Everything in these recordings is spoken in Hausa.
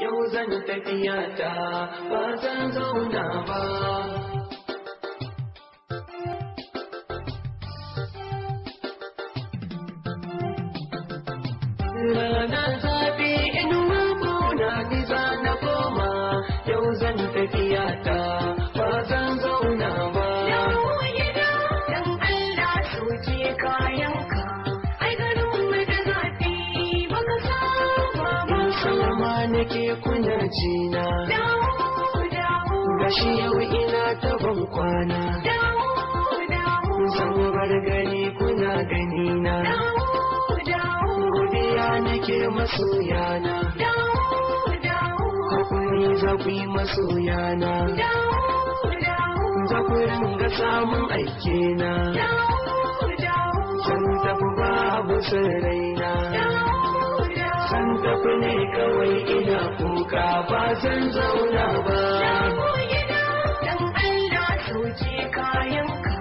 yau zan tafiya ta ba zan zauna ba Rana zafi inuwa mauna ni jina Rashi yau ina ta ban kwana zan bar gani kuna gani na godiya nake masoyana hakuri za ku yi masoyana za ku ringa samun aiki na Zan tafi babu saraina Zan tafi ne kawai ina Ka ba zan zauna ba. Dan Allah sauke kayanka,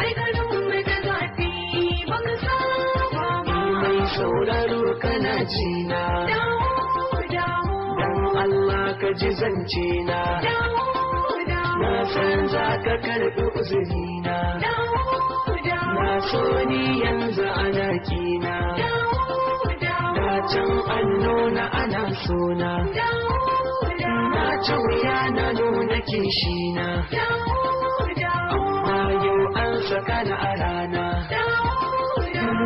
ai garin mai da zafi saba ba. Mai sauraro kana jina. Dawo Allah ka ji zance na. Dawo dawo. Na san za ka karɓi uzurina. Dawo Na so ni matan annona ana sona na ci wuya na nuna kishina amma yau an saka na a rana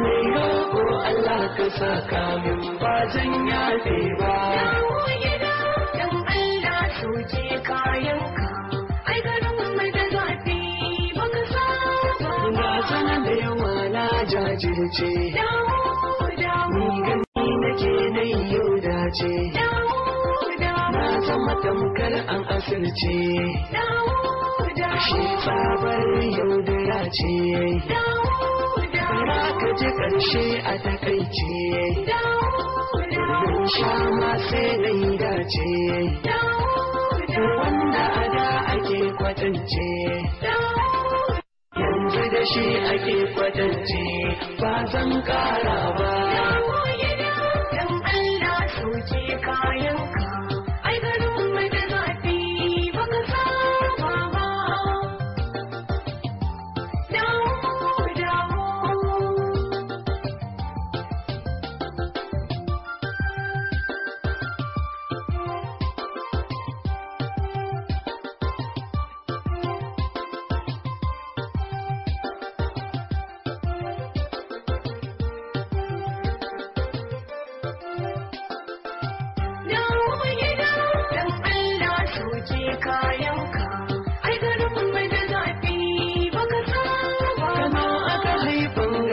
mai roƙo Allah ka saka min ba zan yafe ba dan Allah soke kayanka ai garin mai da zafi baka saba na sanar da yawa na jajirce ce na san matamkar an asirce ashe tsabar yaudara ce bara ka ji ƙarshe a takaice don sha ma sai na yi dace wanda a da ake kwatance yanzu da shi ake kwatance ba zan ƙara ba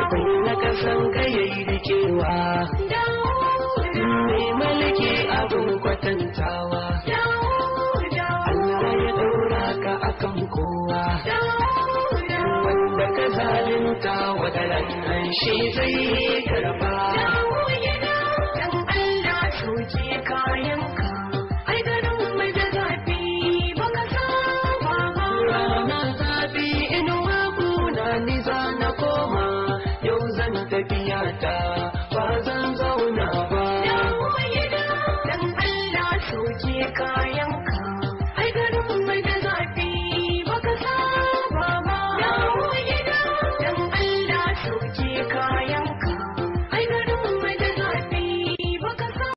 mai na kasan gayayi da kewa mai malake abin kwatantawa Allah ya daura ka akan kowa wanda ka zalunta wadalan shi zai karba acaba.